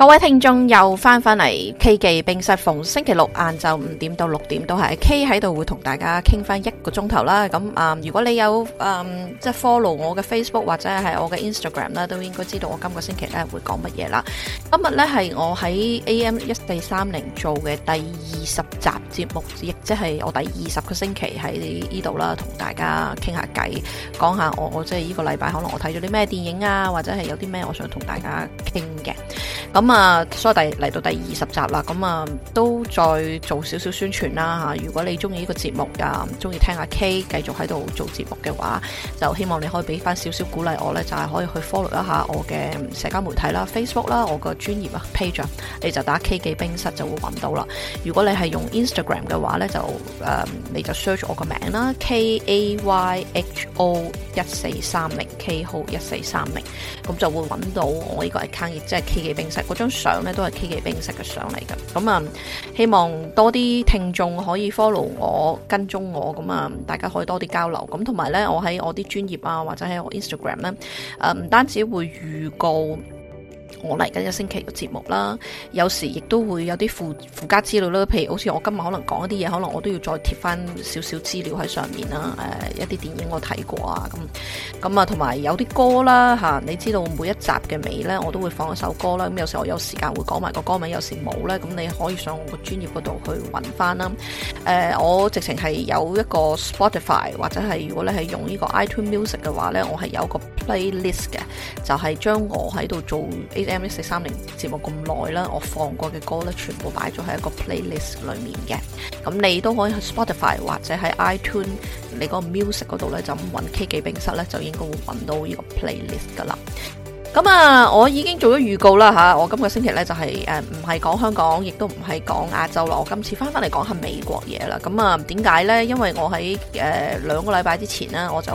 各位聽眾又翻翻嚟 K 記，並且逢星期六晏晝五點到六點都係 K 喺度，會同大家傾翻一個鐘頭啦。咁啊、呃，如果你有即係、呃就是、follow 我嘅 Facebook 或者係我嘅 Instagram 啦，都應該知道我今個星期咧會講乜嘢啦。今日咧係我喺 AM 一四三零做嘅第二十集節目，亦即係我第二十個星期喺呢度啦，同大家傾下偈，講下我我即係呢個禮拜可能我睇咗啲咩電影啊，或者係有啲咩我想同大家傾嘅咁。咁啊，所以第嚟到第二十集啦，咁啊，都再做少少宣傳啦吓。如果你中意呢個節目啊，中意聽下 K，繼續喺度做節目嘅話，就希望你可以俾翻少少鼓勵我咧，就係、是、可以去 follow 一下我嘅社交媒體啦，Facebook 啦，我個專業啊 page，你就打 K 記冰室就會揾到啦。如果你係用 Instagram 嘅話咧，就誒、嗯，你就 search 我個名啦，K A Y H O 一四三零 K HO 一四三零，咁就會揾到我呢個 account，即係 K 記冰室張相咧都係 K 記冰室嘅相嚟㗎，咁啊，希望多啲聽眾可以 follow 我跟蹤我，咁啊，大家可以多啲交流，咁同埋咧我喺我啲專頁啊或者喺我 Instagram 咧，呃，唔單止會預告。我嚟緊一星期嘅節目啦，有時亦都會有啲附附加資料啦，譬如好似我今日可能講一啲嘢，可能我都要再貼翻少少資料喺上面啦。呃，一啲電影我睇過啊，咁咁啊，同埋有啲歌啦吓，你知道每一集嘅尾呢，我都會放一首歌啦。咁有時我有時間會講埋個歌名，有時冇呢。咁你可以上我個專業嗰度去揾翻啦。呃，我直情係有一個 Spotify 或者係如果你係用呢個 iTunes Music 嘅話呢，我係有個 playlist 嘅，就係、是、將我喺度做。AM 四三零節目咁耐啦，我過的放過嘅歌咧，全部擺咗喺一個 playlist 裡面嘅。咁你都可以去 Spotify 或者喺 iTunes，你嗰個 music 嗰度咧就咁揾 K 記冰室咧，就應該會揾到呢個 playlist 噶啦。咁啊，我已經做咗預告啦嚇，我今個星期咧就係唔係講香港，亦都唔係講亞洲啦。我今次翻翻嚟講下美國嘢啦。咁啊，點解咧？因為我喺、呃、兩個禮拜之前咧，我就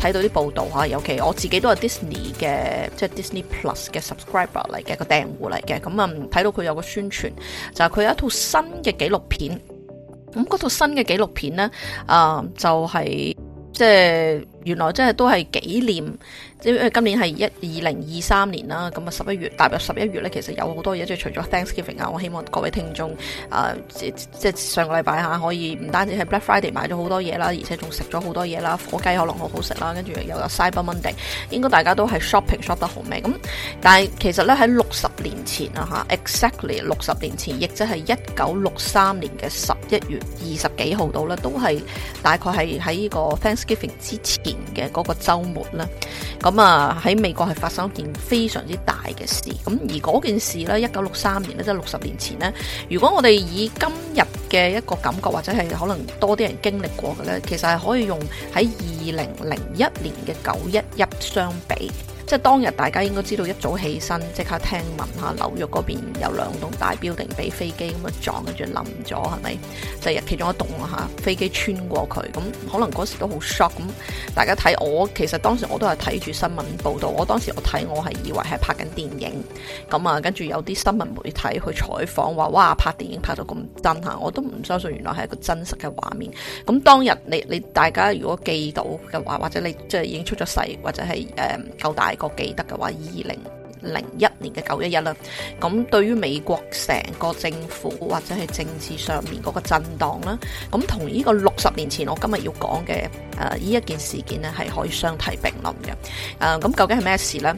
睇到啲報道嚇，尤其我自己都係 Disney 嘅，即係 Disney Plus 嘅 subscriber 嚟嘅個訂戶嚟嘅。咁、嗯、啊，睇到佢有個宣傳，就係佢有一套新嘅紀錄片。咁嗰套新嘅紀錄片咧，啊、嗯，就係即係。就是原來真係都係紀念，即今年係一二零二三年啦。咁啊十一月踏入十一月咧，其實有好多嘢，即除咗 Thanksgiving 啊，我希望各位聽眾啊、呃，即上個禮拜嚇可以唔單止喺 Black Friday 買咗好多嘢啦，而且仲食咗好多嘢啦，火雞可能好好食啦，跟住又有 Cyber Monday，應該大家都係 shopping shopping 得好咩？咁但係其實咧喺六十年前啊吓 exactly 六十年前，亦即係一九六三年嘅十一月二十幾號到咧，都係大概係喺呢個 Thanksgiving 之前。嘅嗰個週末啦，咁啊喺美國係發生一件非常之大嘅事，咁而嗰件事呢，一九六三年呢，即係六十年前呢，如果我哋以今日嘅一個感覺或者係可能多啲人經歷過嘅呢，其實係可以用喺二零零一年嘅九一一相比。即係當日，大家應該知道一早起身即刻聽聞下紐約嗰邊有兩棟大標定俾飛機咁樣撞，跟住冧咗係咪？就係、是、其中一棟啦嚇，飛機穿過佢，咁可能嗰時都好 shock。咁大家睇我，其實當時我都係睇住新聞報道。我當時我睇我係以為係拍緊電影，咁啊跟住有啲新聞媒體去採訪話：哇，拍電影拍到咁真吓，我都唔相信原來係一個真實嘅畫面。咁當日你你大家如果記到嘅話，或者你即係已經出咗世，或者係誒夠大。個記得嘅話，二零零一年嘅九一一啦，咁對於美國成個政府或者係政治上面嗰個震盪啦，咁同呢個六十年前我今日要講嘅誒呢一件事件呢，係可以相提並論嘅。誒、呃，咁究竟係咩事呢？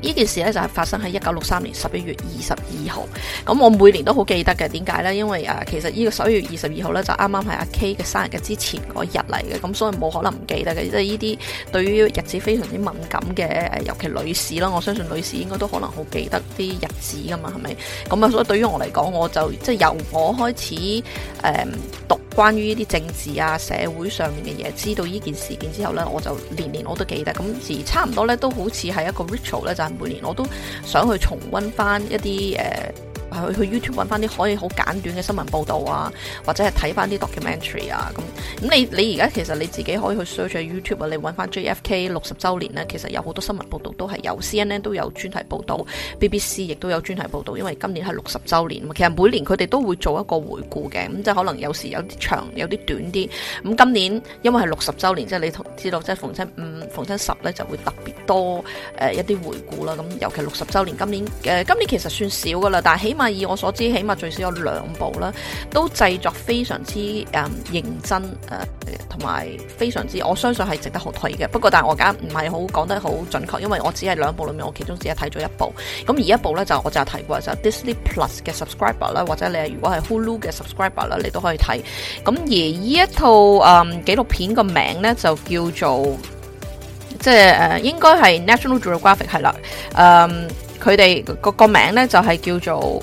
呢件事咧就係、是、發生喺一九六三年十一月二十二號，咁我每年都好記得嘅，點解呢？因爲誒、呃，其實個呢個十一月二十二號呢就啱啱係阿 Kay 嘅生日嘅之前嗰日嚟嘅，咁所以冇可能唔記得嘅，即係呢啲對於日子非常之敏感嘅、呃，尤其女士啦，我相信女士應該都可能好記得啲日子噶嘛，係咪？咁啊，所以對於我嚟講，我就即係、就是、由我開始誒、呃、讀關於呢啲政治啊、社會上面嘅嘢，知道呢件事件之後呢，我就年年我都記得，咁而差唔多呢都好似係一個 ritual 咧就。每年我都想去重溫翻一啲誒、呃去去 YouTube 揾翻啲可以好簡短嘅新聞報道啊，或者係睇翻啲 documentary 啊，咁咁你你而家其實你自己可以去 search 喺 YouTube 啊，你揾翻 JFK 六十周年咧，其實有好多新聞報道都係有 CNN 都有專題報道，BBC 亦都有專題報道，因為今年係六十周年啊嘛，其實每年佢哋都會做一個回顧嘅，咁即係可能有時有啲長有啲短啲。咁今年因為係六十周年，即係你知道即係逢親五、嗯、逢親十咧就會特別多誒、呃、一啲回顧啦。咁尤其六十周年，今年誒、呃、今年其實算少噶啦，但係起碼。以我所知，起碼最少有兩部啦，都製作非常之、嗯、認真，誒同埋非常之，我相信係值得好睇嘅。不過，但係我而家唔係好講得好準確，因為我只係兩部裏面，我其中只係睇咗一部。咁而一部咧，就我就有提過就 Disney Plus 嘅 subscriber 啦，或者你係如果係 Hulu 嘅 subscriber 啦，你都可以睇。咁而呢一套誒、嗯、紀錄片個名咧，就叫做即係誒、呃，應該係 National Geographic 係啦。佢、嗯、哋個個名咧就係、是、叫做。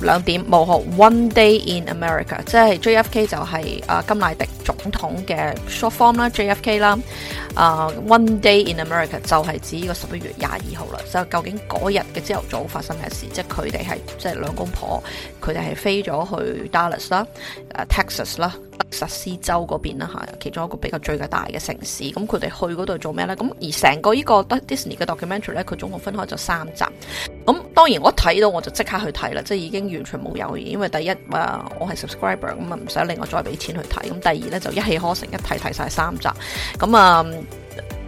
兩點冇學 One Day in America，即係 JFK 就係啊甘迺迪總統嘅 short form 啦，JFK 啦啊 One Day in America 就係指呢個十一月廿二號啦。就究竟嗰日嘅朝頭早發生咩事？即係佢哋係即係兩公婆，佢哋係飛咗去，去 Dallas 啦、誒、Texas 啦，德克薩斯州嗰邊啦嚇，其中一個比較最大嘅城市。咁佢哋去嗰度做咩咧？咁而成個呢個 Disney 嘅 documentary 咧，佢總共分開咗三集。咁、嗯、當然我睇到我就即刻去睇啦，即係已經。完全冇有意，因為第一啊，我係 subscriber 咁啊，唔使另外再俾錢去睇，咁第二呢，就一氣呵成一睇睇晒三集，咁啊。嗯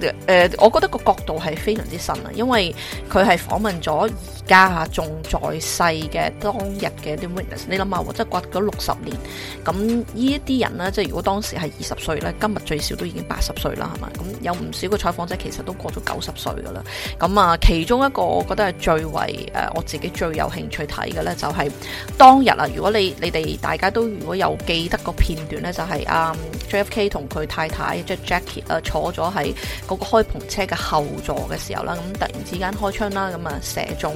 誒、呃，我覺得個角度係非常之新啊，因為佢係訪問咗而家仲在世嘅當日嘅啲 witness。你諗下喎，即係過咗六十年，咁呢一啲人呢？即係如果當時係二十歲呢，今日最少都已經八十歲啦，係嘛？咁有唔少嘅採訪者其實都過咗九十歲噶啦。咁啊，其中一個我覺得係最為誒、呃，我自己最有興趣睇嘅呢，就係、是、當日啊。如果你你哋大家都如果有記得個片段呢，就係、是、啊、呃、JFK 同佢太太即 Jackie 啊、呃、坐咗喺。嗰個開篷車嘅後座嘅時候啦，咁突然之間開槍啦，咁啊射中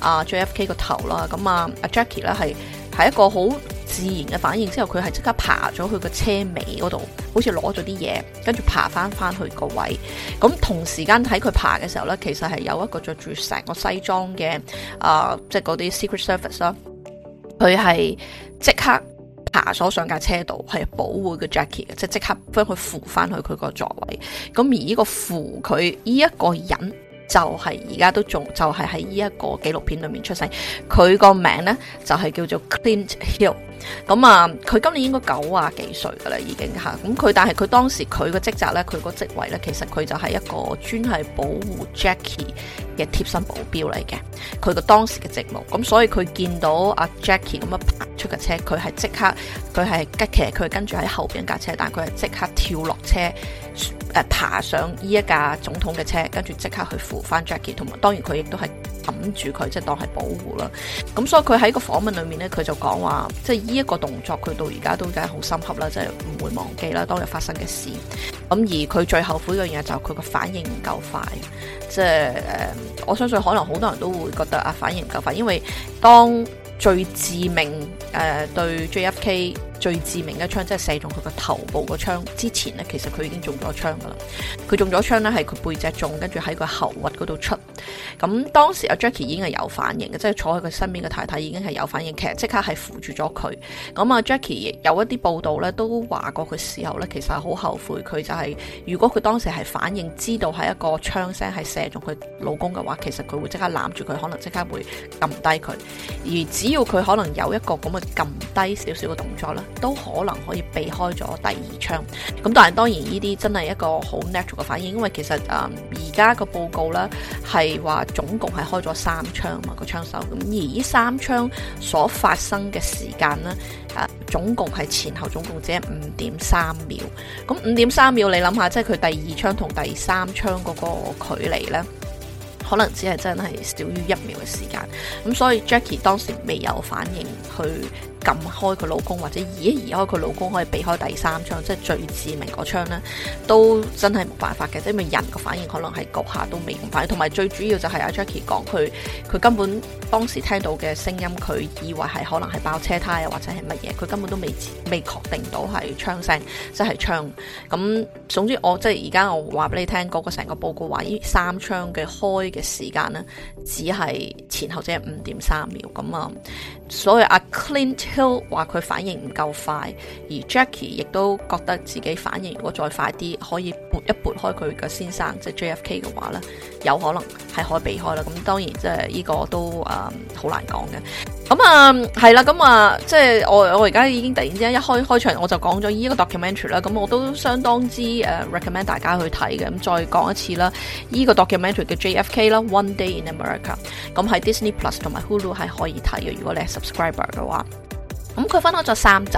啊 JFK 個頭啦，咁啊啊 Jackie 咧係係一個好自然嘅反應，之後佢係即刻爬咗去個車尾嗰度，好似攞咗啲嘢，跟住爬翻翻去個位置，咁同時間喺佢爬嘅時候咧，其實係有一個着住成個西裝嘅啊，即係嗰啲 Secret Service 啦，佢係即刻。查咗上架車度係保護個 Jackie 嘅，即係即刻幫佢扶翻去佢個座位。咁而呢個扶佢呢一個人就係而家都仲就係喺呢一個紀錄片裏面出世。佢個名呢，就係、是、叫做 Clint Hill。咁、嗯、啊，佢今年應該九啊幾歲㗎喇已經吓。咁佢但係佢當時佢個職責呢，佢個職位呢，其實佢就係一個專係保護 Jackie。嘅貼身保鏢嚟嘅，佢個當時嘅職務。咁所以佢見到阿 Jackie 咁樣爬出架車，佢係即刻，佢係吉其佢係跟住喺後邊架車，但係佢係即刻跳落車，誒爬上呢一架總統嘅車，跟住即刻去扶翻 Jackie，同埋當然佢亦都係揞住佢，即係當係保護啦。咁所以佢喺個訪問裏面咧，佢就講話，即係呢一個動作，佢到而家都梗係好深刻啦，即係唔會忘記啦，當日發生嘅事。咁而佢最後悔嘅嘢就係佢個反應唔夠快。即係誒，我相信可能好多人都會覺得啊，反應唔夠快，因為當最致命誒、呃，對 J.F.K. 最致命嘅槍，即係射中佢個頭部個槍。之前呢，其實佢已經中咗槍㗎喇。佢中咗槍呢，係佢背脊中，跟住喺佢喉核嗰度出。咁當時阿 Jackie 已經係有反應嘅，即係坐喺佢身邊嘅太太已經係有反應，其實即刻係扶住咗佢。咁啊，Jackie 有一啲報道呢，都話過佢事候呢，其實好後悔、就是。佢就係如果佢當時係反應，知道係一個槍聲係射中佢老公嘅話，其實佢會即刻攬住佢，可能即刻會撳低佢。而只要佢可能有一個咁嘅撳低少少嘅動作咧。都可能可以避開咗第二槍，咁但係當然呢啲真係一個好 natural 嘅反應，因為其實誒而家個報告呢係話總共係開咗三槍嘛，啊個槍手，咁而呢三槍所發生嘅時間呢，誒、啊、總共係前後總共只係五點三秒，咁五點三秒你諗下，即係佢第二槍同第三槍嗰個距離呢，可能只係真係少於一秒嘅時間，咁所以 Jackie 當時未有反應去。撳開佢老公或者移一移開佢老公，可以避開第三槍，即係最致命嗰槍呢，都真係冇辦法嘅。因為人個反應可能係局下都未咁快，同埋最主要就係阿 Jackie 講佢，佢根本當時聽到嘅聲音，佢以為係可能係爆車胎啊，或者係乜嘢，佢根本都未未確定到係槍聲，即係槍。咁總之我即係而家我話俾你聽，嗰個成個報告話呢三槍嘅開嘅時間呢，只係前後只係五點三秒。咁啊，所以阿 Clint 話佢反應唔夠快，而 Jackie 亦都覺得自己反應如果再快啲，可以撥一撥開佢嘅先生，即係 J.F.K. 嘅話咧，有可能係可以避開啦。咁當然即係呢個都誒好難講嘅。咁啊係啦，咁啊即係我我而家已經突然之間一開開場，我就講咗依個 documentary 啦。咁我都相當之呃 recommend 大家去睇嘅。咁再講一次啦，依個 documentary 嘅 J.F.K. 啦，One Day in America，咁喺 Disney Plus 同埋 Hulu 係可以睇嘅。如果你係 subscriber 嘅話。咁佢、嗯、分開咗三集，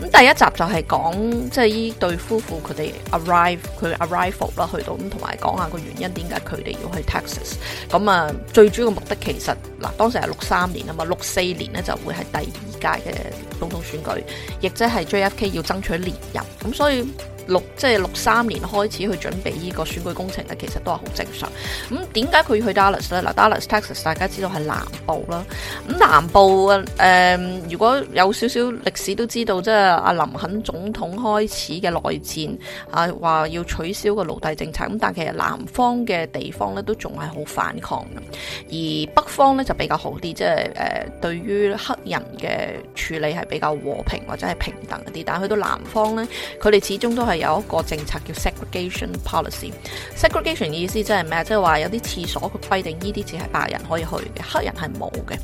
咁第一集就係講即係依對夫婦佢哋 arrive 佢 arrival 啦，去到咁同埋講下個原因點解佢哋要去 Texas，咁、嗯、啊最主要嘅目的其實嗱當時係六三年啊嘛，六四年呢就會係第二屆嘅總統選舉，亦即係 JFK 要爭取連任，咁、嗯、所以。六即係六三年開始去準備呢個選舉工程咧，其實都係好正常。咁點解佢要去 Dallas 呢嗱，Dallas Texas 大家知道係南部啦。咁南部誒、呃、如果有少少歷史都知道，即係阿林肯總統開始嘅內戰，啊話要取消個奴隸政策。咁但係其實南方嘅地方咧都仲係好反抗嘅。而北方咧就比較好啲，即係誒對於黑人嘅處理係比較和平或者係平等一啲。但係去到南方咧，佢哋始終都係。有一個政策叫 segregation policy，segregation 意思即係咩？即係話有啲廁所佢規定呢啲只係白人可以去嘅，黑人係冇嘅。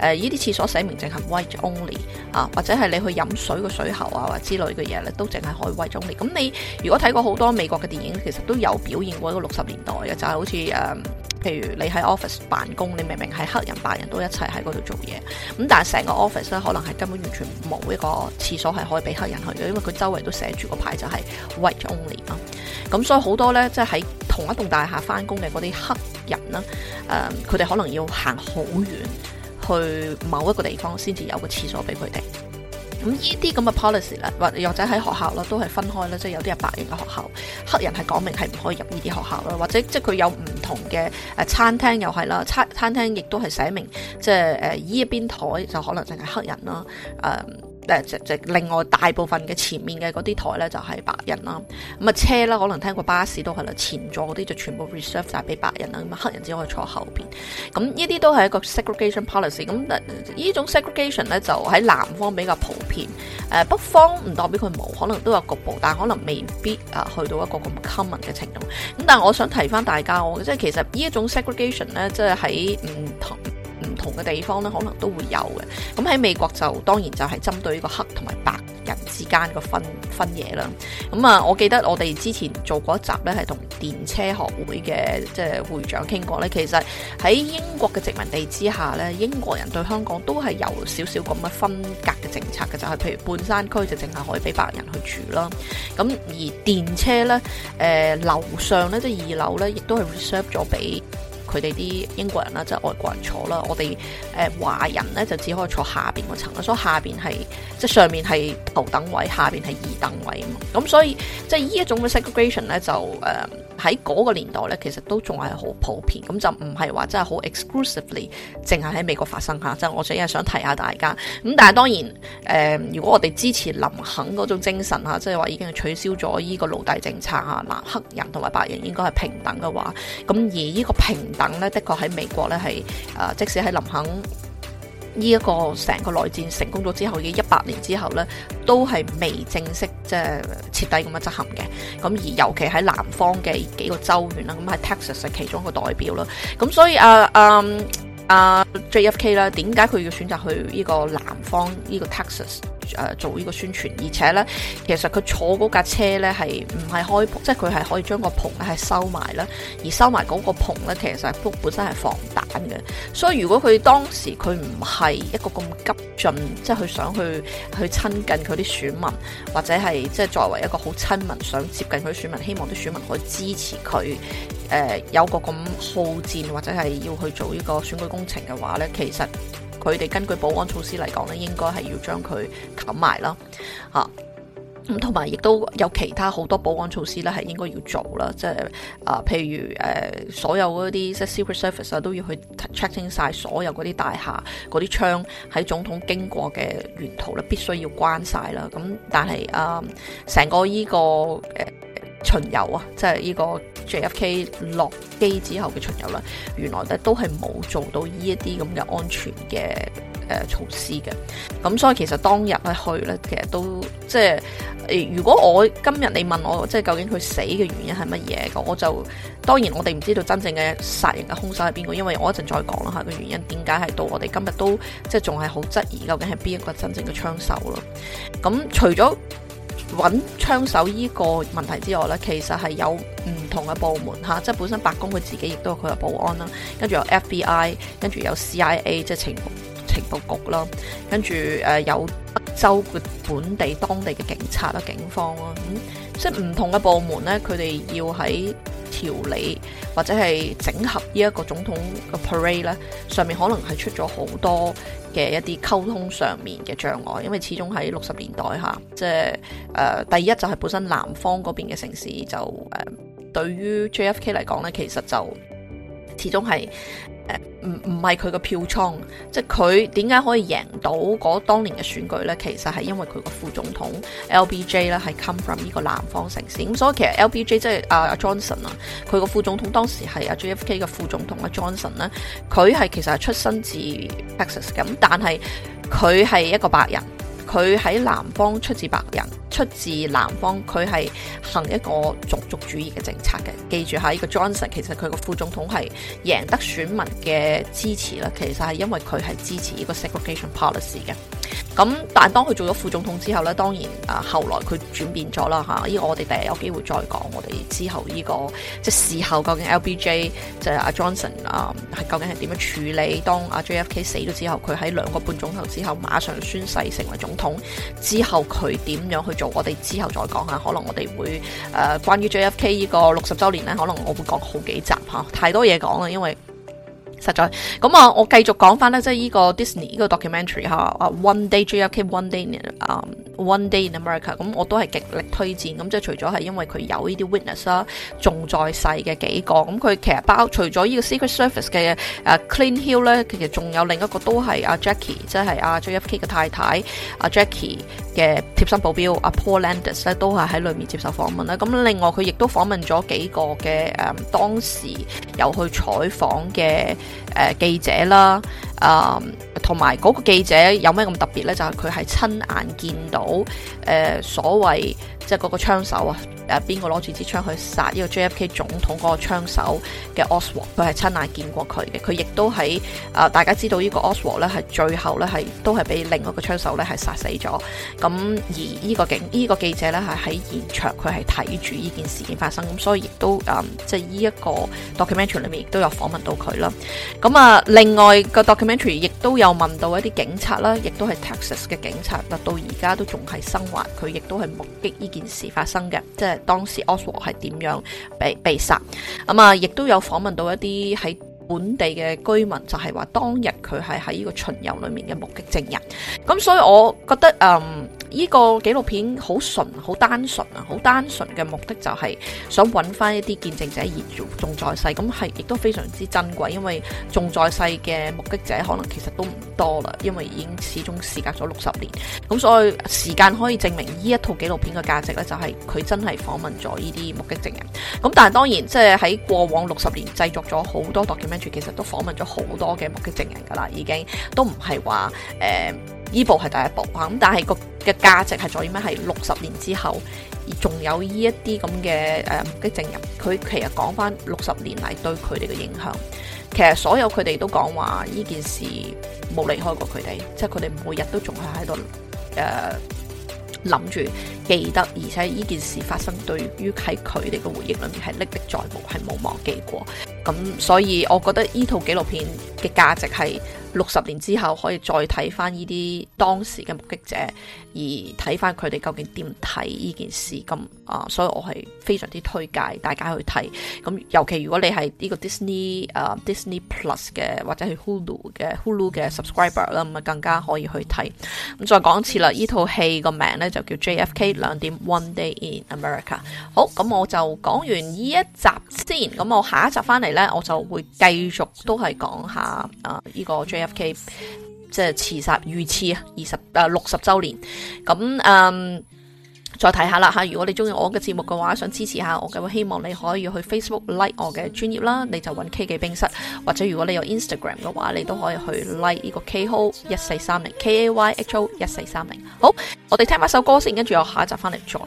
誒，呢啲廁所寫明淨係 white only 啊，或者係你去飲水個水喉啊，或者之類嘅嘢咧，都淨係可以 white only。咁你如果睇過好多美國嘅電影，其實都有表現過一個六十年代嘅，就係、是、好似誒譬如你喺 office 辦公，你明明係黑人白人都一齊喺嗰度做嘢，咁但係成個 office 咧，可能係根本完全冇一個廁所係可以俾黑人去嘅，因為佢周圍都寫住個牌就係、是、white only 啊。咁所以好多咧，即係喺同一棟大廈翻工嘅嗰啲黑人啦，誒佢哋可能要行好遠去某一個地方先至有個廁所俾佢哋。咁呢啲咁嘅 policy 啦，或或者喺學校啦都係分開啦，即係有啲係白人嘅學校，黑人係講明係唔可以入呢啲學校啦，或者即係佢有唔同嘅，誒餐廳又係啦，餐、餐廳亦都係寫明，即係誒依一邊台就可能淨係黑人啦，誒、呃。另外大部分嘅前面嘅嗰啲台咧就係白人啦，咁啊車啦，可能聽過巴士都係啦，前座嗰啲就全部 reserve 晒俾白人啦，咁黑人只可以坐後面。咁呢啲都係一個 segregation policy。咁呢種 segregation 咧就喺南方比較普遍。誒，北方唔代表佢冇，可能都有局部，但可能未必啊去到一個咁 common 嘅程度。咁但係我想提翻大家，我即係其實呢一種 segregation 咧，即係喺唔同，唔同嘅地方咧，可能都會有嘅。咁喺美國就當然就係針對呢個黑同埋白人之間個分分野啦。咁啊，我記得我哋之前做過一集呢，係同電車學會嘅即係會長傾過呢。其實喺英國嘅殖民地之下呢，英國人對香港都係有少少咁嘅分隔嘅政策嘅，就係、是、譬如半山區就淨係可以俾白人去住啦。咁而電車呢，誒、呃、樓上呢，即、就、係、是、二樓呢，亦都係 reserve 咗俾。佢哋啲英國人啦，即係外國人坐啦，我哋誒華人咧就只可以坐下邊嗰層啦，所以下邊係即係上面係頭等位，下邊係二等位，咁所以即係呢一種 segregation 咧就誒喺嗰個年代咧，其實都仲係好普遍，咁就唔係話真係好 exclusively 淨係喺美國發生嚇，即係我只係想提下大家。咁但係當然誒，如果我哋支持林肯嗰種精神嚇，即係話已經係取消咗依個奴隸政策嚇，黑人同埋白人應該係平等嘅話，咁而依個平等咧，的確喺美國咧係啊，即使喺林肯呢一個成個內戰成功咗之後嘅一百年之後咧，都係未正式即係、呃、徹底咁樣執行嘅。咁而尤其喺南方嘅幾個州縣啦，咁係 Texas 係其中一個代表啦。咁所以啊，嗯、呃。呃啊，J.F.K. 啦，點解佢要選擇去呢個南方呢個 Texas 誒、呃、做呢個宣傳，而且咧，其實佢坐架車咧係唔係開，即係佢係可以將個篷咧係收埋啦，而收埋嗰個篷咧，其實都本身係防彈嘅。所以如果佢當時佢唔係一個咁急進，即係佢想去去親近佢啲選民，或者係即係作為一個好親民，想接近佢啲選民，希望啲選民可以支持佢誒、呃、有個咁好戰或者係要去做呢個選舉。工程嘅話咧，其實佢哋根據保安措施嚟講咧，應該係要將佢冚埋啦，啊，咁同埋亦都有其他好多保安措施咧，係應該要做啦，即係啊，譬如誒、呃，所有嗰啲即係 Secret Service 啊，都要去 checking 晒所有嗰啲大廈嗰啲窗喺總統經過嘅沿途咧，必須要關晒啦。咁但係啊，成、呃、個呢、呢個誒、呃、巡遊啊，即係呢、呢個。J.F.K. 落機之後嘅巡遊啦，原來咧都係冇做到呢一啲咁嘅安全嘅誒、呃、措施嘅，咁所以其實當日咧去咧，其實都即係如果我今日你問我，即係究竟佢死嘅原因係乜嘢？咁我就當然我哋唔知道真正嘅殺人嘅兇手係邊個，因為我一陣再講啦嚇個原因點解係到我哋今日都即係仲係好質疑究竟係邊一個真正嘅槍手咯。咁除咗揾槍手呢個問題之外咧，其實係有唔同嘅部門吓，即係本身白宮佢自己亦都有佢嘅保安啦，跟住有 FBI，跟住有 CIA，即係情報局咯，跟住誒有德州嘅本地當地嘅警察啦、警方啦，咁、嗯、即係唔同嘅部門咧，佢哋要喺調理或者係整合呢一個總統嘅 parade 咧，上面可能係出咗好多嘅一啲溝通上面嘅障礙，因為始終喺六十年代吓，即係誒、呃、第一就係本身南方嗰邊嘅城市就誒、呃、對於 JFK 嚟講咧，其實就始終係。誒，唔唔係佢個票倉，即係佢點解可以贏到嗰當年嘅選舉呢？其實係因為佢個副總統 LBJ 咧，係 come from 呢個南方城市，咁所以其實 LBJ 即係阿 Johnson 啊，佢個副總統當時係啊 JFK 嘅副總統阿 Johnson 呢，佢係其實係出身自 Texas 咁，但係佢係一個白人。佢喺南方出自白人，出自南方佢係行一個種族主義嘅政策嘅。記住下，呢、呢個 Johnson 其實佢個副總統係贏得選民嘅支持啦。其實係因為佢係支持呢個 segregation policy 嘅。咁，但當佢做咗副總統之後呢，當然啊，後來佢轉變咗啦嚇。呢個我哋第日有機會再講，我哋之後呢、呢個即係事後究竟 LBJ 就係阿 Johnson 啊、嗯，係究竟係點樣處理？當阿 JFK 死咗之後，佢喺兩個半鐘頭之後馬上宣誓成為總統，之後佢點樣去做？我哋之後再講嚇。可能我哋會誒、呃、關於 JFK 呢個六十週年咧，可能我會講好幾集嚇，太多嘢講啦，因為。實在咁啊！我繼續講返咧，即係呢個 Disney 呢個 documentary 嚇啊，One Day JFK One Day 嗯、um, One Day in America 咁，我都係極力推薦。咁即係除咗係因為佢有呢啲 witness 啦，仲在世嘅幾個咁，佢其實包括除咗呢個 Secret Service 嘅、啊、Clint Hill 咧，其實仲有另一個都係阿、啊、Jackie，即係阿、啊、JFK 嘅太太阿、啊、Jackie 嘅貼身保鏢阿、啊、Paul Landis 咧，都係喺裏面接受訪問啦。咁另外佢亦都訪問咗幾個嘅誒、嗯、當時有去採訪嘅。呃、記者啦，啊、嗯，同埋嗰個記者有咩咁特別呢？就係佢係親眼見到誒、呃，所謂。即係個槍手啊！誒，邊個攞住支槍去殺呢個 JFK 總統個槍手嘅 Oswald 佢係親眼見過佢嘅。佢亦都喺誒，大家知道呢個 Oswald 咧係最後咧係都係俾另外一個槍手咧係殺死咗。咁、嗯、而呢、個警呢、個記者咧係喺現場，佢係睇住呢件事件發生。咁、嗯、所以亦都誒、嗯、即係呢一個 documentary 裏面亦都有訪問到佢啦。咁、嗯、啊，另外個 documentary 亦都有問到一啲警察啦，亦都係 Texas 嘅警察，但到而家都仲係生還，佢亦都係目擊呢件。件事發生嘅，即係當時 Oswald 係點樣被被殺，咁、嗯、啊，亦都有訪問到一啲喺本地嘅居民，就係、是、話當日佢係喺呢個巡遊裏面嘅目擊證人，咁所以我覺得嗯。呢個紀錄片好純，好單純啊！好單純嘅目的就係想揾翻一啲見證者而仲在世，咁係亦都非常之珍貴，因為仲在世嘅目擊者可能其實都唔多啦，因為已經始終事隔咗六十年，咁所以時間可以證明呢一套紀錄片嘅價值呢就係佢真係訪問咗呢啲目擊證人。咁但係當然，即係喺過往六十年製作咗好多 documentary，其實都訪問咗好多嘅目擊證人噶啦，已經都唔係話誒。呃呢部係第一部，嚇，咁但係個嘅價值係在於咩？係六十年之後，仲有呢一啲咁嘅目擊證人，佢、呃、其實講翻六十年嚟對佢哋嘅影響。其實所有佢哋都講話呢件事冇離開過佢哋，即係佢哋每日都仲係喺度誒諗住。呃記得，而且呢件事發生對於喺佢哋嘅回憶裏面係歷歷在目，係冇忘記過。咁所以我覺得呢套紀錄片嘅價值係六十年之後可以再睇翻呢啲當時嘅目擊者，而睇翻佢哋究竟點睇呢件事咁啊！所以我係非常之推介大家去睇。咁尤其如果你係呢個 Dis ney,、uh, Disney 啊 Disney Plus 嘅或者係 Hulu 嘅 Hulu 嘅 Subscriber 啦，咁啊更加可以去睇。咁再講一次啦，呢套戲個名咧就叫 JFK。兩點，One Day In America。好，咁我就講完呢一集先。咁我下一集翻嚟呢，我就會繼續都係講下啊依個 JFK 即係刺殺遇刺二十啊六十週年。咁嗯。再睇下啦吓，如果你中意我嘅節目嘅話，想支持下我嘅，希望你可以去 Facebook like 我嘅專頁啦，你就揾 K 記冰室，或者如果你有 Instagram 嘅話，你都可以去 like 呢個 Kho 一四三零 K, 30, K A Y H O 一四三零。好，我哋聽翻首歌先，跟住我下一集翻嚟再講。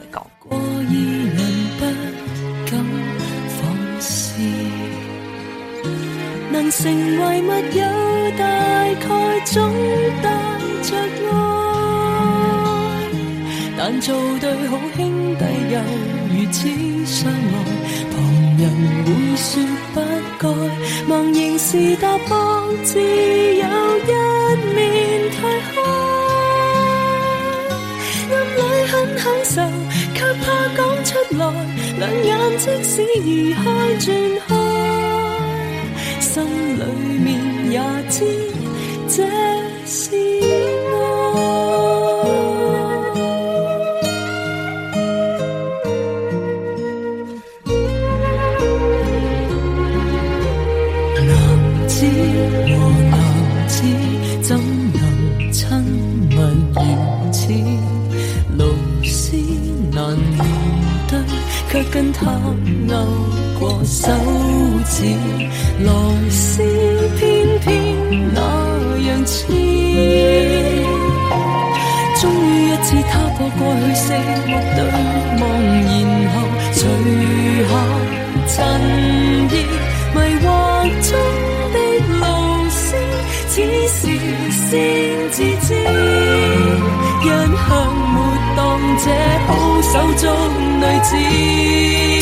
能成為但做對好兄弟又如此相愛，旁人會說不該，忘形時搭膊，只有一面推開。暗裏很享受，卻怕講出來，兩眼即使移開轉開，心裏面也知這是愛。來思，偏偏那樣痴。終於一次，踏過過去四目對望，然後除下襯衣，迷惑中的露絲，此時先至知，一向沒當這好手中女子。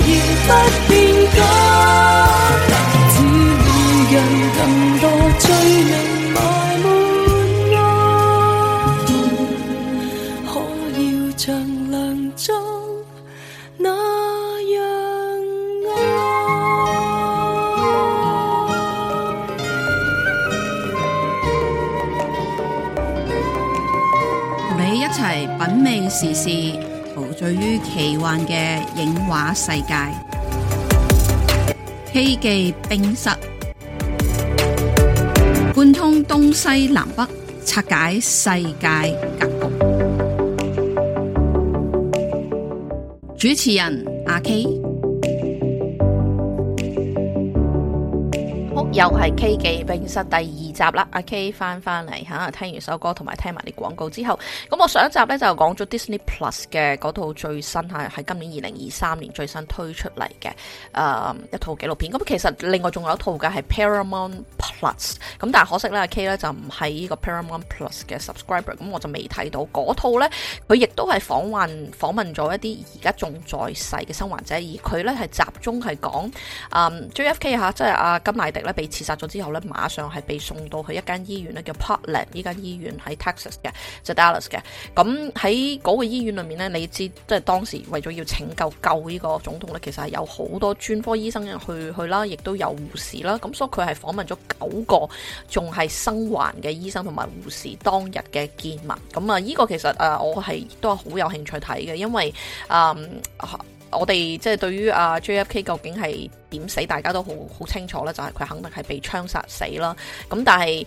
屬於奇幻嘅影畫世界，K 記冰室貫通東西南北，拆解世界格局。主持人阿 K。又係 K 記冰室第二集啦，阿、啊、K 翻翻嚟吓，聽完首歌同埋聽埋啲廣告之後，咁我上一集咧就講咗 Disney Plus 嘅嗰套最新係喺今年二零二三年最新推出嚟嘅誒一套紀錄片。咁其實另外仲有一套嘅係 Paramount Plus，咁但係可惜咧阿 K 咧就唔係呢個 Paramount Plus 嘅 subscriber，咁我就未睇到嗰套咧，佢亦都係訪問訪問咗一啲而家仲在世嘅生還者，而佢咧係集中係講誒、嗯、JFK 吓、啊，即係阿甘迺迪咧。被刺殺咗之後咧，馬上係被送到去一間醫院咧，叫 Parkland 呢間醫院喺 Texas 嘅，就 Dallas 嘅。咁喺嗰個醫院裏面咧，你知即係當時為咗要拯救救呢個總統咧，其實係有好多專科醫生去去啦，亦都有護士啦。咁所以佢係訪問咗九個仲係生還嘅醫生同埋護士當日嘅見聞。咁啊，呢個其實誒、呃，我係都係好有興趣睇嘅，因為誒。嗯我哋即係對於阿 JFK 究竟係點死，大家都好好清楚啦，就係佢肯定係被槍殺死啦。咁但係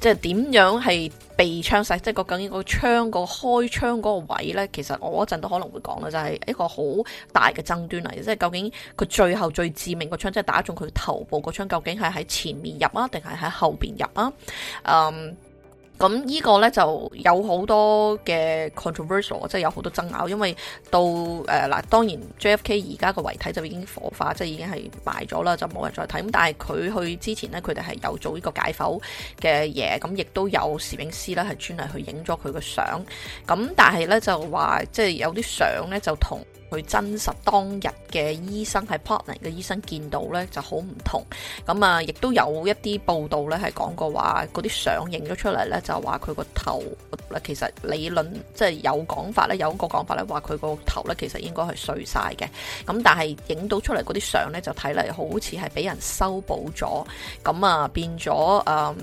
即係點樣係被槍殺，即係個究竟個槍個開槍嗰個位呢？其實我嗰陣都可能會講啦，就係一個好大嘅爭端嚟。即係究竟佢最後最致命個槍，即係打中佢頭部個槍，究竟係喺前面入啊，定係喺後邊入啊？嗯、um。咁呢個呢就有好多嘅 controversial，即係有好多爭拗，因為到誒嗱、呃、當然 JFK 而家個遺體就已經火化，即係已經係埋咗啦，就冇人再睇。咁但係佢去之前呢，佢哋係有做呢個解剖嘅嘢，咁亦都有攝影師呢係專嚟去影咗佢嘅相。咁但係呢就話，即係有啲相呢就同。佢真實當日嘅醫生係 partner 嘅醫生見到呢就好唔同咁啊，亦都有一啲報道呢係講過話嗰啲相影咗出嚟呢，就話佢個頭其實理論即係有講法呢，有一個講法呢話佢個頭呢其實應該係碎晒嘅。咁但係影到出嚟嗰啲相呢，就睇嚟好似係俾人修補咗，咁啊變咗誒，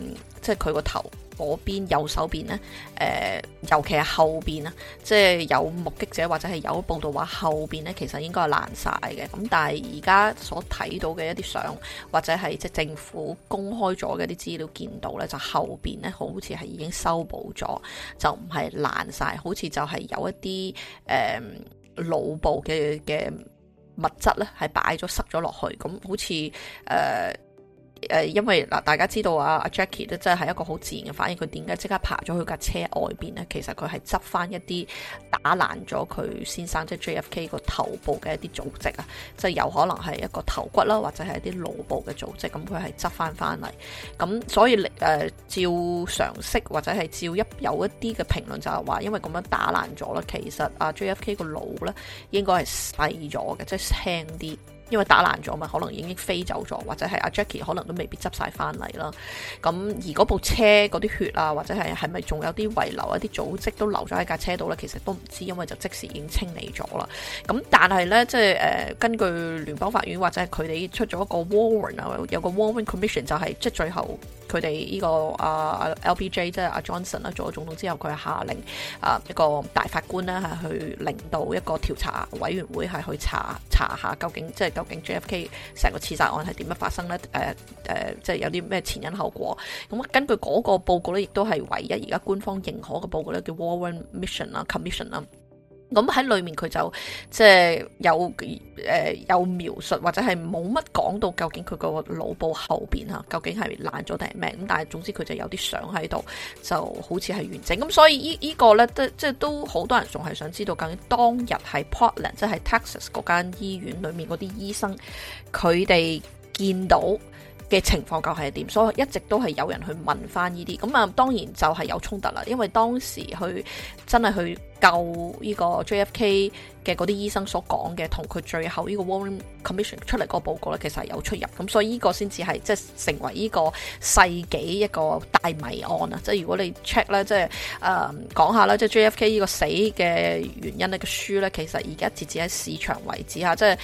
即係佢個頭。嗰邊右手邊呢，誒、呃，尤其係後邊咧，即係有目擊者或者係有報道話後邊呢，其實應該係爛晒嘅。咁但係而家所睇到嘅一啲相，或者係即政府公開咗嘅一啲資料見到呢，就後邊呢，好似係已經修補咗，就唔係爛晒，好似就係有一啲誒腦部嘅嘅物質呢，係擺咗塞咗落去，咁好似誒。呃誒、呃，因為嗱，大家知道啊，阿 Jackie 咧真係一個好自然嘅反應，佢點解即刻爬咗去架車外邊咧？其實佢係執翻一啲打爛咗佢先生，即係 JFK 個頭部嘅一啲組織啊，即係有可能係一個頭骨啦，或者係一啲腦部嘅組織，咁佢係執翻翻嚟。咁所以你、呃、照常識或者係照一有一啲嘅評論就係話，因為咁樣打爛咗啦，其實阿、啊、JFK 個腦咧應該係細咗嘅，即係輕啲。因為打爛咗嘛，可能已經飛走咗，或者係阿 Jackie 可能都未必執晒翻嚟啦。咁而嗰部車嗰啲血啊，或者係係咪仲有啲遺留一啲組織都留咗喺架車度呢？其實都唔知，因為就即時已經清理咗啦。咁但係呢，即係、呃、根據聯邦法院或者係佢哋出咗一個 Warren 啊，有個 Warren Commission 就係、係、即係最後。佢哋呢個阿 LBJ 即係阿 Johnson 啦，做咗總統之後，佢係下令啊一個大法官咧，係去領導一個調查委員會，係去查查下究竟即係究竟 JFK 成個刺殺案係點樣發生咧？誒、呃、誒、呃，即係有啲咩前因後果？咁根據嗰個報告咧，亦都係唯一而家官方認可嘅報告咧，叫 Warren Mission 啦 Commission 啦。咁喺裏面佢就即係有誒、呃、有描述或者係冇乜講到究竟佢個腦部後邊吓究竟係爛咗定係咩咁，但係總之佢就有啲相喺度就好似係完整咁。所以這呢呢個呢都即係都好多人仲係想知道究竟當日係 Portland 即係 Texas 嗰間醫院裏面嗰啲醫生佢哋見到嘅情況究竟係點，所以一直都係有人去問翻呢啲，咁啊當然就係有衝突啦，因為當時佢去真係去。就呢個 JFK 嘅嗰啲醫生所講嘅，同佢最後呢個 Warren Commission 出嚟嗰個報告咧，其實係有出入。咁所以呢個先至係即係成為呢個世紀一個大謎案啊！即係如果你 check 咧，即係誒、呃、講下啦，即係 JFK 呢個死嘅原因、這個、呢嘅書咧，其實而家截止喺市場為止吓，即係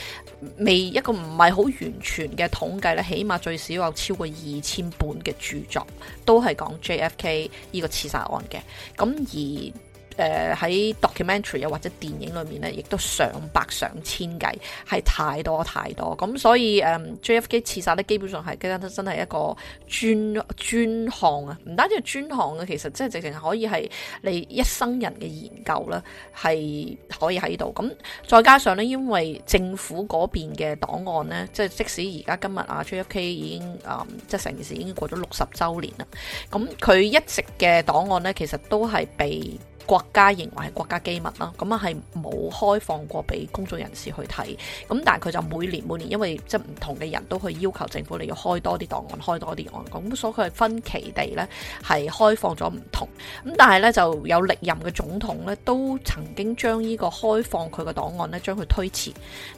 未一個唔係好完全嘅統計咧，起碼最少有超過二千本嘅著作都係講 JFK 呢個刺殺案嘅。咁而誒喺、呃、documentary 又或者電影裏面咧，亦都上百上千計，係太多太多。咁所以誒、嗯，J.F.K. 刺殺咧，基本上係真係一個專專項啊！唔單止係專項啊，其實即係直情可以係你一生人嘅研究啦，係可以喺度。咁再加上咧，因為政府嗰邊嘅檔案咧，即係即使而家今日啊，J.F.K. 已經啊、嗯，即係成件事已經過咗六十週年啦。咁佢一直嘅檔案咧，其實都係被國家認為係國家機密啦，咁啊係冇開放過俾公眾人士去睇。咁但係佢就每年每年，因為即係唔同嘅人都去要求政府你要開多啲檔案，開多啲檔案。咁所以佢係分期地呢係開放咗唔同。咁但係呢，就有歷任嘅總統呢都曾經將呢個開放佢嘅檔案呢將佢推遲，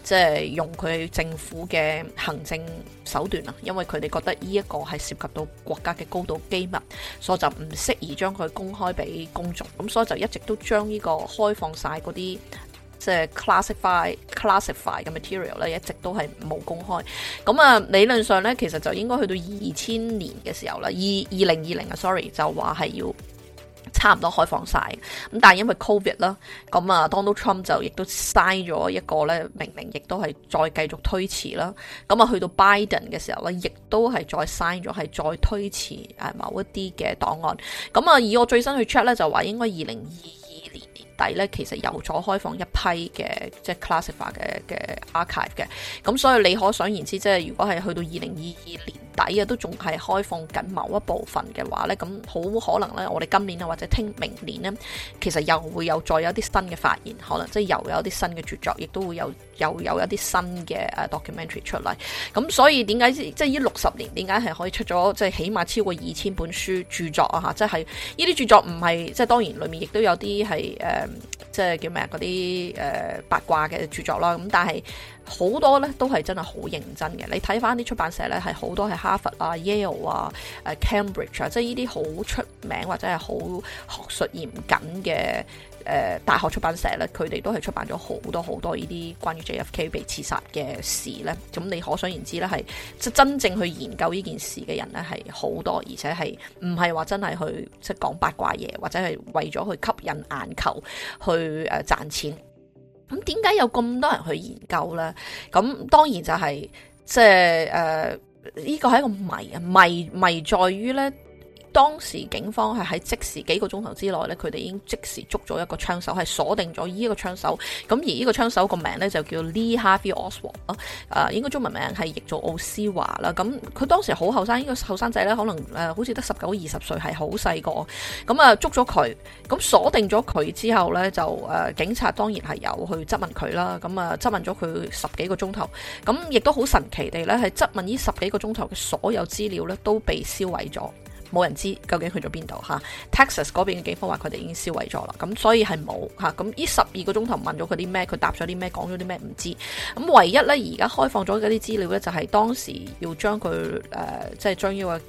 即係用佢政府嘅行政手段啊，因為佢哋覺得呢一個係涉及到國家嘅高度機密，所以就唔適宜將佢公開俾公眾。咁所以就。一直都將呢個開放晒嗰啲即係 classified、classified 嘅 material 咧，一直都係冇公開。咁啊，理論上咧，其實就應該去到二千年嘅時候啦，二二零二零啊，sorry，就話係要。差唔多開放晒，咁但係因為 Covid 啦，咁啊 Donald Trump 就亦都 sign 咗一個命令，亦都係再繼續推遲啦，咁啊去到 Biden 嘅時候咧，亦都係再 sign 咗係再推遲誒某一啲嘅檔案，咁啊以我最新去 check 咧，就話應該二零二二年底咧，其實有咗開放一批嘅即係 classify 嘅嘅 archive 嘅，咁、就是、所以你可想言之，即係如果係去到二零二二年，底啊，都仲係開放緊某一部分嘅話呢，咁好可能呢，我哋今年啊，或者聽明年呢，其實又會有再有啲新嘅發現，可能即係又有啲新嘅著作，亦都會有又有一啲新嘅 documentary 出嚟。咁、啊啊啊、所以點解即係呢六十年點解係可以出咗即係起碼超過二千本書著作啊？嚇，即係呢啲著作唔係即係當然裏面亦都有啲係誒，即係叫咩嗰啲誒八卦嘅著作啦。咁但係，好多咧都係真係好認真嘅，你睇返啲出版社咧，係好多係哈佛啊、Yale 啊、誒、啊、Cambridge 啊，即係呢啲好出名或者係好學術嚴謹嘅誒、呃、大學出版社咧，佢哋都係出版咗好多好多呢啲關於 JFK 被刺殺嘅事咧。咁你可想而知咧，係即真正去研究呢件事嘅人咧係好多，而且係唔係話真係去即係講八卦嘢，或者係為咗去吸引眼球去誒、呃、賺錢。咁點解有咁多人去研究咧？咁當然就係即係誒，呢個係一個謎啊！謎謎在於咧。當時警方係喺即時幾個鐘頭之內咧，佢哋已經即時捉咗一個槍手，係鎖定咗呢一個槍手。咁而呢個槍手個名咧就叫 Lee Harvey Oswald 啊，誒應該中文名係譯做奧斯華啦。咁佢當時好後生，呢個後生仔咧，可能誒好似得十九二十歲，係好細個。咁啊捉咗佢，咁鎖定咗佢之後咧，就誒警察當然係有去質問佢啦。咁啊質問咗佢十幾個鐘頭，咁亦都好神奇地咧，係質問呢十幾個鐘頭嘅所有資料咧都被燒毀咗。冇人知究竟去咗邊度嚇，Texas 嗰邊嘅警方話佢哋已經銷毀咗啦，咁所以係冇嚇，咁呢十二個鐘頭問咗佢啲咩，佢答咗啲咩，講咗啲咩唔知道，咁唯一呢，而家開放咗嘅啲資料呢，就係當時要將佢誒，即係將呢個誒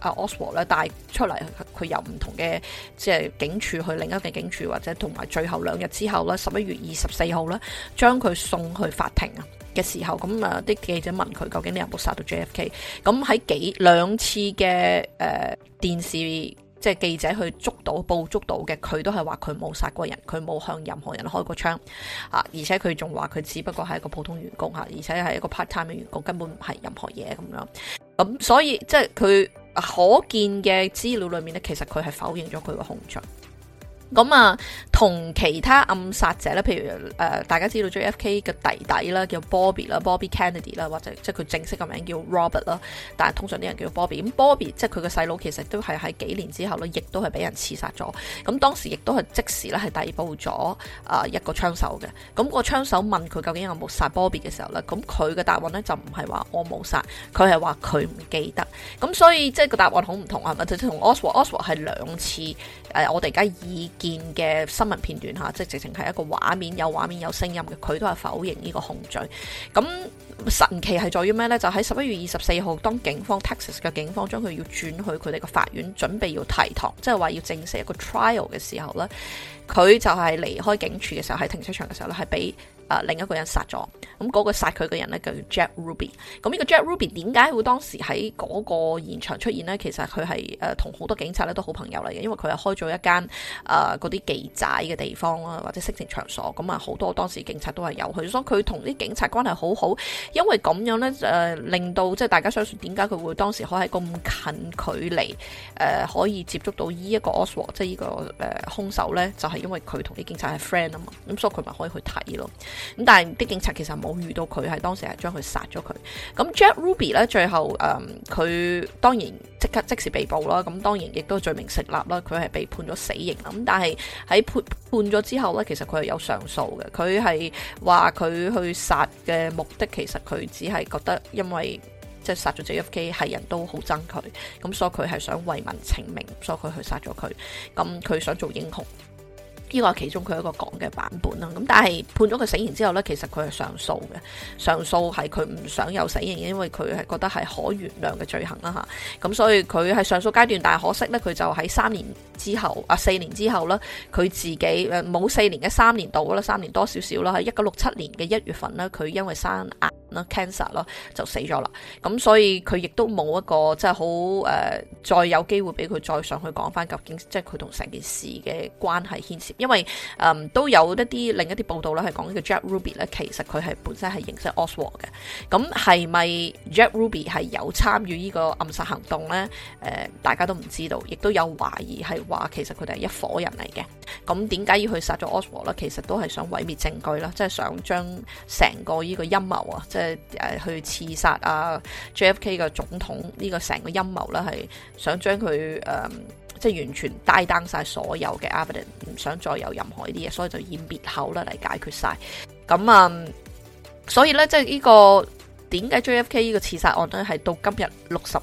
阿 Oswald 帶出嚟，佢由唔同嘅即係警署去另一個警署，或者同埋最後兩日之後咧，十一月二十四號咧，將佢送去法庭啊，嘅時候，咁啊啲記者問佢究竟你有冇殺到 JFK？咁喺幾兩次嘅誒、呃、電視，即係記者去捉到、捕捉到嘅，佢都係話佢冇殺過人，佢冇向任何人開過槍啊！而且佢仲話佢只不過係一個普通員工、啊、而且係一個 part time 嘅員工，根本唔係任何嘢咁樣。咁所以即係佢可見嘅資料裏面呢，其實佢係否認咗佢個控罪。咁啊，同其他暗殺者咧，譬如、呃、大家知道 JFK 嘅弟弟啦，叫 Bobby 啦，Bobby Kennedy 啦，或者即係佢正式嘅名叫 Robert 啦，但係通常啲人叫 Bobby。咁 Bobby 即係佢嘅細佬，其實都係喺幾年之後咧，亦都係俾人刺殺咗。咁當時亦都係即時咧係逮捕咗啊、呃、一個槍手嘅。咁、個槍手問佢究竟有冇殺 Bobby 嘅時候咧，咁佢嘅答案咧就唔係話我冇殺，佢係話佢唔記得。咁所以即係個答案好唔同係咪？即係同 Oswald、Oswald 係兩次、呃、我哋而家以。見嘅新聞片段吓，即係直情係一個畫面，有畫面有聲音嘅，佢都係否認呢個控罪。咁神奇係在於咩呢？就喺十一月二十四號，當警方 Texas 嘅警方將佢要轉去佢哋個法院，準備要提堂，即係話要正式一個 trial 嘅時候呢，佢就係離開警署嘅時候，喺停車場嘅時候咧，係俾。誒另一個人殺咗，咁、那、嗰個殺佢嘅人咧叫 Jack Ruby。咁呢個 Jack Ruby 點解會當時喺嗰個現場出現咧？其實佢係同好多警察咧都好朋友嚟嘅，因為佢係開咗一間誒嗰啲妓仔嘅地方啊，或者色情場所。咁啊好多當時警察都係有佢，所以佢同啲警察關係好好。因為咁樣咧、呃、令到即係大家相信點解佢會當時可以咁近距離、呃、可以接觸到 wart、這個呃、呢一個 Oswald 即係呢個誒兇手咧，就係、是、因為佢同啲警察係 friend 啊嘛。咁所以佢咪可以去睇咯。咁但係啲警察其實冇遇到佢，係當時係將佢殺咗佢。咁 Jack Ruby 咧最後誒，佢、嗯、當然即刻即時被捕啦。咁當然亦都罪名成立啦，佢係被判咗死刑。咁但係喺判判咗之後咧，其實佢係有上訴嘅。佢係話佢去殺嘅目的其實佢只係覺得因為即係殺咗 JFK，係人都好憎佢，咁所以佢係想為民請命，所以佢去殺咗佢。咁佢想做英雄。呢個係其中佢一個講嘅版本啦，咁但係判咗佢死刑之後呢，其實佢係上訴嘅，上訴係佢唔想有死刑，因為佢係覺得係可原諒嘅罪行啦嚇，咁所以佢喺上訴階段，但係可惜呢，佢就喺三年之後啊，四年之後啦，佢自己誒冇四年嘅，三年到啦，三年多少少啦，喺一九六七年嘅一月份呢，佢因為生癌。cancer 咯就死咗啦，咁所以佢亦都冇一個即係好誒，再有機會俾佢再上去講翻究竟即係佢同成件事嘅關係牽涉，因為誒、呃、都有一啲另一啲報道咧，係講呢個 Jack Ruby 咧，其實佢係本身係認識 Oswald 嘅，咁係咪 Jack Ruby 係有參與呢個暗殺行動呢？誒、呃，大家都唔知道，亦都有懷疑係話其實佢哋係一伙人嚟嘅，咁點解要去殺咗 Oswald 咧？其實都係想毀滅證據啦，即係想將成個呢個陰謀啊誒誒，去刺殺啊 J F K 嘅總統呢，這個成個陰謀咧，係想將佢誒、呃、即係完全 take down 晒所有嘅 evidence，唔想再有任何呢啲嘢，所以就以滅口啦嚟解決晒。咁啊、嗯，所以咧即係、這、呢個點解 J F K 呢個刺殺案呢係到今日六十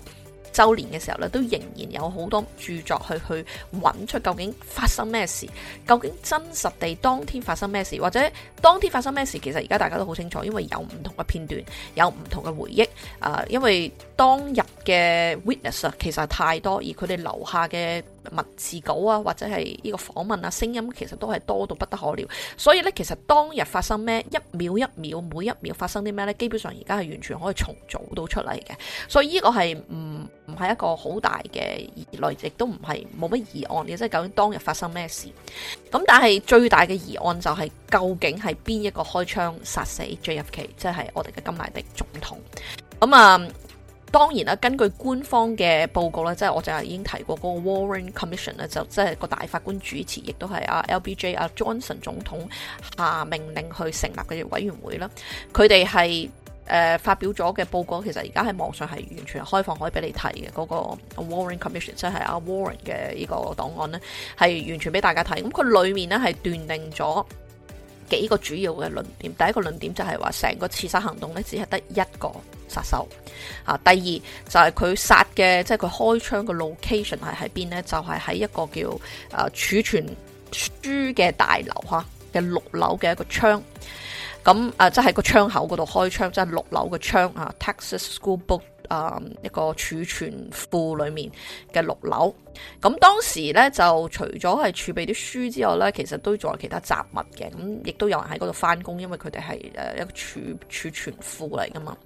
周年嘅時候咧，都仍然有好多著作去去揾出究竟發生咩事，究竟真實地當天發生咩事，或者當天發生咩事，其實而家大家都好清楚，因為有唔同嘅片段，有唔同嘅回憶啊、呃，因為當日嘅 witness 其實係太多，而佢哋留下嘅文字稿啊，或者係呢個訪問啊，聲音其實都係多到不得可了。所以呢，其實當日發生咩，一秒一秒，每一秒發生啲咩呢？基本上而家係完全可以重組到出嚟嘅。所以呢個係唔唔係一個好大嘅疑慮，亦都唔係冇乜疑案嘅，即係究竟當日發生咩事。咁但係最大嘅疑案就係究竟係邊一個開槍殺死 JFK，即係我哋嘅甘迺迪總統。咁啊。當然啦，根據官方嘅報告咧，即係我就係已經提過嗰個 Warren Commission 咧，就即係個大法官主持，亦都係阿 L. B. J. 阿 Johnson 總統下命令去成立嘅委員會啦。佢哋係誒發表咗嘅報告，其實而家喺網上係完全開放，可以俾你睇嘅嗰個 Warren Commission，即係阿 Warren 嘅呢個檔案咧，係完全俾大家睇。咁佢裡面咧係斷定咗。幾個主要嘅論點，第一個論點就係話成個刺殺行動咧，只係得一個殺手啊。第二就係佢殺嘅，即係佢開槍嘅 location 係喺邊咧？就係、是、喺、就是、一個叫啊儲存書嘅大樓嚇嘅六樓嘅一個窗，咁啊即係、啊就是、個窗口嗰度開槍，即、就、係、是、六樓嘅窗啊，Texas School Book。嗯，一個儲存庫裏面嘅六樓，咁當時呢就除咗係儲備啲書之外呢，其實都仲有其他雜物嘅，咁亦都有人喺嗰度返工，因為佢哋係誒一個儲儲存庫嚟㗎嘛。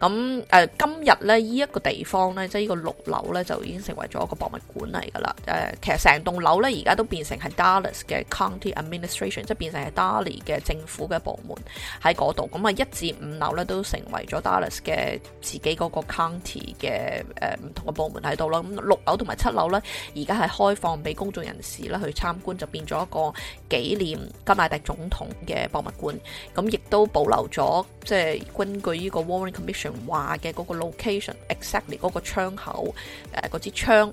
咁、呃、今日咧，呢、這、一個地方咧，即係呢個六樓咧，就已經成為咗一個博物館嚟噶啦。其實成棟樓咧，而家都變成係 Dallas 嘅 county administration，即係變成係 Dallas 嘅政府嘅部門喺嗰度。咁啊，一至五樓咧都成為咗 Dallas 嘅自己嗰個 county 嘅唔、呃、同嘅部門喺度咯。咁六樓同埋七樓咧，而家係開放俾公眾人士啦去參觀，就變咗一個紀念甘迺迪總統嘅博物館。咁亦都保留咗，即係根據呢個 Warren Commission。話嘅嗰個 location，exactly 嗰個窗口，誒，支窗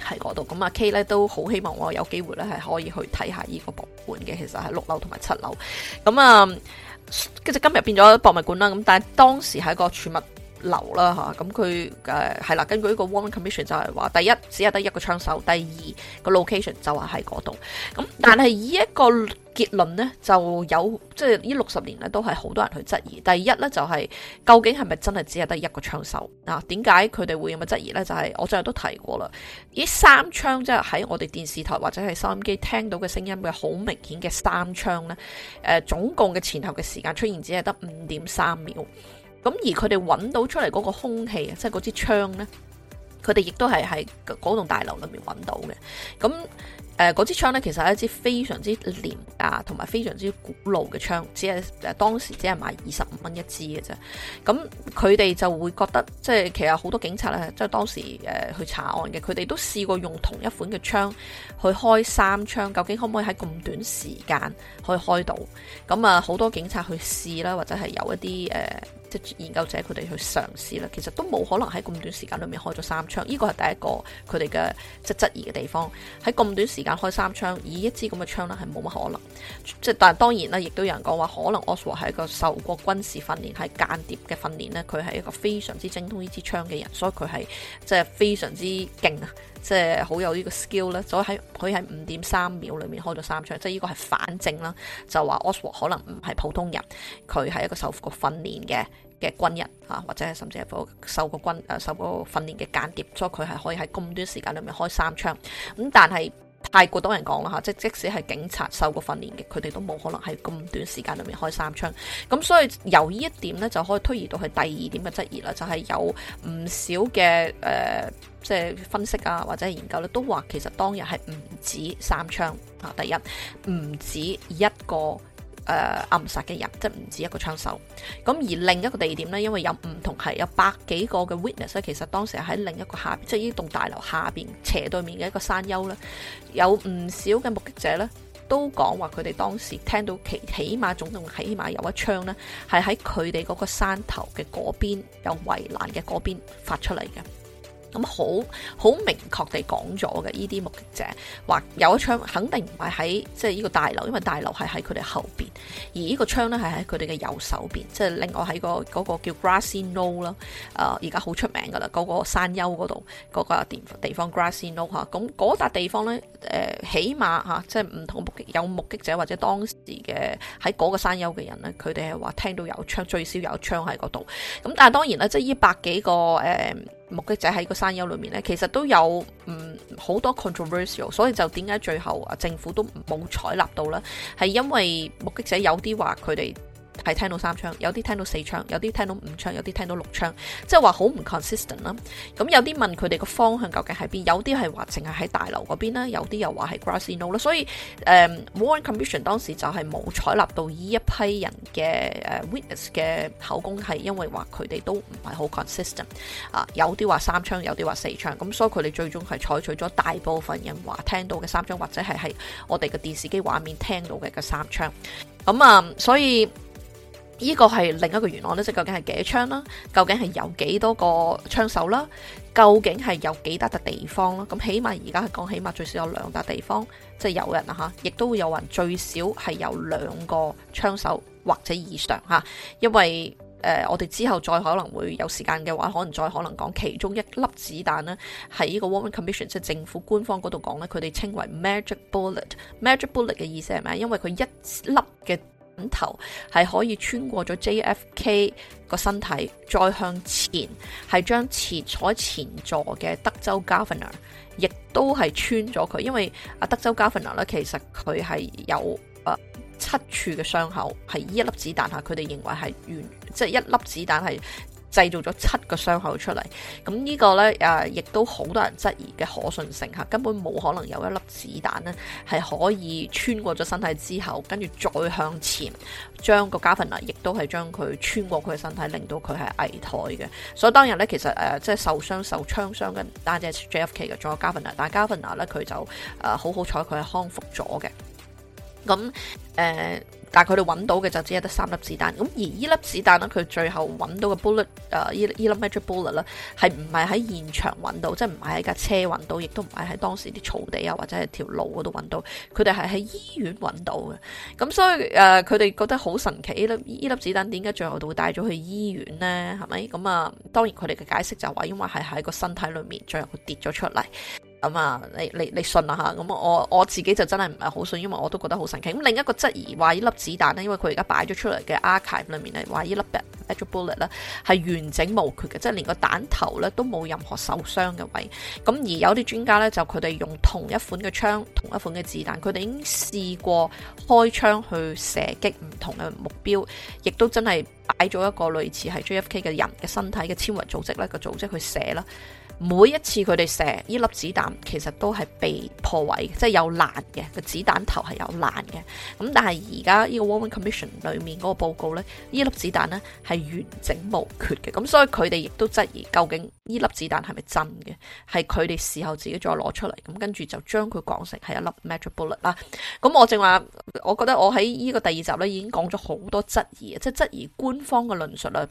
喺嗰度。咁啊 K 咧都好希望我有機會咧係可以去睇下依個博物館嘅，其實係六樓同埋七樓。咁啊，其實今日變咗博物館啦。咁但係當時係一個儲物。流啦嚇，咁佢誒係啦。根據呢個 Warren Commission 就係話，第一只係得一個槍手，第二個 location 就話喺嗰度。咁、嗯、但係以一個結論呢，就有即係呢六十年呢，都係好多人去質疑。第一呢，就係、是、究竟係咪真係只係得一個槍手嗱？點解佢哋會有乜質疑呢？就係、是、我最後都提過啦，呢三槍即係喺我哋電視台或者係收音機聽到嘅聲音嘅好明顯嘅三槍呢。誒、呃、總共嘅前後嘅時間出現只係得五點三秒。咁而佢哋揾到出嚟嗰個兇器啊，即係嗰支槍咧，佢哋亦都係喺嗰棟大樓裏面揾到嘅。咁、呃、嗰支槍咧，其實係一支非常之廉價同埋非常之古老嘅槍，只係當時只係賣二十五蚊一支嘅啫。咁佢哋就會覺得，即係其實好多警察咧，即係當時、呃、去查案嘅，佢哋都試過用同一款嘅槍去開三槍，究竟可唔可以喺咁短時間可以開到？咁啊，呃、好多警察去試啦，或者係有一啲即研究者佢哋去嘗試啦，其實都冇可能喺咁短時間裏面開咗三槍，呢個係第一個佢哋嘅即質疑嘅地方。喺咁短時間開三槍，以一支咁嘅槍呢係冇乜可能。即但係當然啦，亦都有人講話可能 Oswald 係一個受過軍事訓練、係間諜嘅訓練呢，佢係一個非常之精通呢支槍嘅人，所以佢係即非常之勁啊。即係好有呢個 skill 咧，所以喺佢喺五點三秒裏面開咗三槍，即係呢個係反證啦，就話 Oswald 可能唔係普通人，佢係一個受過訓練嘅嘅軍人，或者係甚至係受過軍誒受過訓練嘅間諜，所以佢係可以喺咁短時間裏面開三槍，咁但係，太過多人講啦嚇，即即使係警察受過訓練嘅，佢哋都冇可能喺咁短時間裏面開三槍。咁所以由呢一點呢，就可以推移到去第二點嘅質疑啦，就係、是、有唔少嘅誒、呃，即係分析啊或者研究咧，都話其實當日係唔止三槍啊，第一唔止一個。誒、呃，暗殺嘅人，即係唔止一個槍手。咁而另一個地點呢，因為有唔同，係有百幾個嘅 witness。其實當時喺另一個下邊，即係呢棟大樓下邊斜對面嘅一個山丘呢，有唔少嘅目擊者呢都講話佢哋當時聽到其起碼總共起碼有一槍呢，係喺佢哋嗰個山頭嘅嗰邊有圍欄嘅嗰邊發出嚟嘅。咁好好明確地講咗嘅，呢啲目擊者話有一槍，肯定唔係喺即係呢個大樓，因為大樓係喺佢哋後邊，而個槍呢個窗咧係喺佢哋嘅右手邊，即係另外喺、嗰個嗰、嗰個叫 Grassy Knoll 啦、呃，誒而家好出名噶啦，嗰、嗰個山丘嗰度嗰個地方 Grassy Knoll 吓。咁嗰笪地方咧、嗰個呃、起碼即係唔同目擊有目擊者或者當時嘅喺嗰個山丘嘅人咧，佢哋係話聽到有槍，最少有槍喺嗰度。咁但係當然啦，即係呢百幾個、呃目擊者喺個山丘裏面呢，其實都有嗯好多 controversial，所以就點解最後啊政府都冇採納到呢？係因為目擊者有啲話佢哋，係聽到三槍，有啲聽到四槍，有啲聽到五槍，有啲聽到六槍，即係話好唔 consistent 啦。咁有啲問佢哋個方向究竟係邊，有啲係話淨係喺大樓嗰邊啦，有啲又話係 grassy knoll 啦。所以誒 Warren Commission 當時就係冇採納到呢一批人嘅誒、uh, witness 嘅口供，係因為話佢哋都唔係好 consistent 啊。有啲話三槍，有啲話四槍，咁所以佢哋最終係採取咗大部分人話聽到嘅三槍，或者係係我哋嘅電視機畫面聽到嘅嘅三槍。咁啊，所以。呢個係另一個元案，咧，即係究竟係幾槍啦？究竟係有幾多個槍手啦？究竟係有幾笪地方啦？咁起碼而家係講起碼最少有兩笪地方，即係有人啦嚇，亦都會有人最少係有兩個槍手或者以上嚇，因為、呃、我哋之後再可能會有時間嘅話，可能再可能講其中一粒子彈咧，喺依個 Warren Commission，即係政府官方嗰度講咧，佢哋稱為 magic bullet。magic bullet。magic bullet 嘅意思係咩？因為佢一粒嘅。頭係可以穿過咗 JFK 個身體，再向前係將前坐前座嘅德州 governor 亦都係穿咗佢，因為德州 governor 咧，其實佢係有誒、呃、七處嘅傷口，係呢一粒子彈吓，佢哋認為係完，即係一粒子彈係。製造咗七個傷口出嚟，咁呢個呢，誒、啊，亦都好多人質疑嘅可信性嚇，根本冇可能有一粒子彈呢，係可以穿過咗身體之後，跟住再向前將個 Gaffner，亦都係將佢穿過佢嘅身體，令到佢係危殆嘅。所以當日呢，其實誒、呃、即係受傷受槍傷嘅，單隻係 JFK 嘅，仲有 Gaffner，但係 Gaffner 呢佢就誒、呃、好好彩，佢係康復咗嘅。咁、呃、誒。但係佢哋揾到嘅就只係得三粒子彈，咁而呢粒子彈呢，佢最後揾到嘅 bullet，誒，呢呢粒 magic bullet 呢，係唔係喺現場揾到，即係唔係喺架車揾到，亦都唔係喺當時啲草地啊或者係條路嗰度揾到，佢哋係喺醫院揾到嘅。咁所以誒，佢哋覺得好神奇，呢粒呢粒子彈點解最後都會帶咗去醫院呢？係咪咁啊？當然佢哋嘅解釋就話，因為係喺個身體裏面，最後跌咗出嚟。咁啊，你你你信啊吓？咁我我自己就真係唔係好信，因為我都覺得好神奇。咁另一個質疑話呢粒子彈咧，因為佢而家擺咗出嚟嘅 archive 裏面係話呢粒 bullet 咧係完整無缺嘅，即係連個彈頭咧都冇任何受傷嘅位。咁而有啲專家咧，就佢哋用同一款嘅槍、同一款嘅子彈，佢哋已經試過開槍去射擊唔同嘅目標，亦都真係擺咗一個類似係 JFK 嘅人嘅身體嘅纖維組織咧個組織去射啦。每一次佢哋射呢粒子彈，其實都係被破壞嘅，即係有爛嘅個子彈頭係有爛嘅。咁但係而家呢個 Warren Commission 裡面嗰個報告呢，呢粒子彈呢係完整無缺嘅。咁所以佢哋亦都質疑究竟呢粒子彈係咪真嘅？係佢哋事後自己再攞出嚟，咁跟住就將佢講成係一粒 magic bullet 啦。咁我正話，我覺得我喺呢個第二集呢已經講咗好多質疑，即係質疑官方嘅論述啦。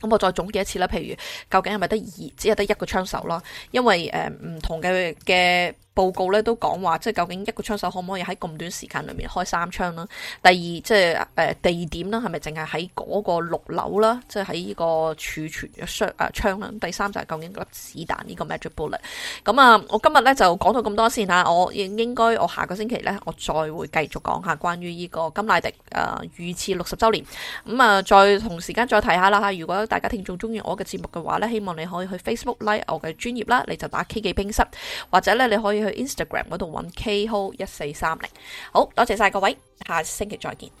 咁我再總結一次啦，譬如究竟係咪得二，只係得一個槍手咯，因為誒唔同嘅嘅。報告咧都講話，即係究竟一個槍手可唔可以喺咁短時間裏面開三槍啦？第二即係、呃、地點啦，係咪淨係喺嗰個六樓啦？即係喺、呃、呢個儲存嘅窗啊啦。第三就係究竟一粒子彈呢個 magic bullet。咁啊，我今日咧就講到咁多先。我應該該我下個星期咧，我再會繼續講下關於呢個甘迺迪啊遇刺六十週年。咁、嗯、啊，再同時間再睇下啦。如果大家聽眾中意我嘅節目嘅話咧，希望你可以去 Facebook like 我嘅專頁啦，你就打 K 記冰室，或者咧你可以。去 Instagram 嗰度揾 KayHo1430，好多謝晒各位，下星期再見。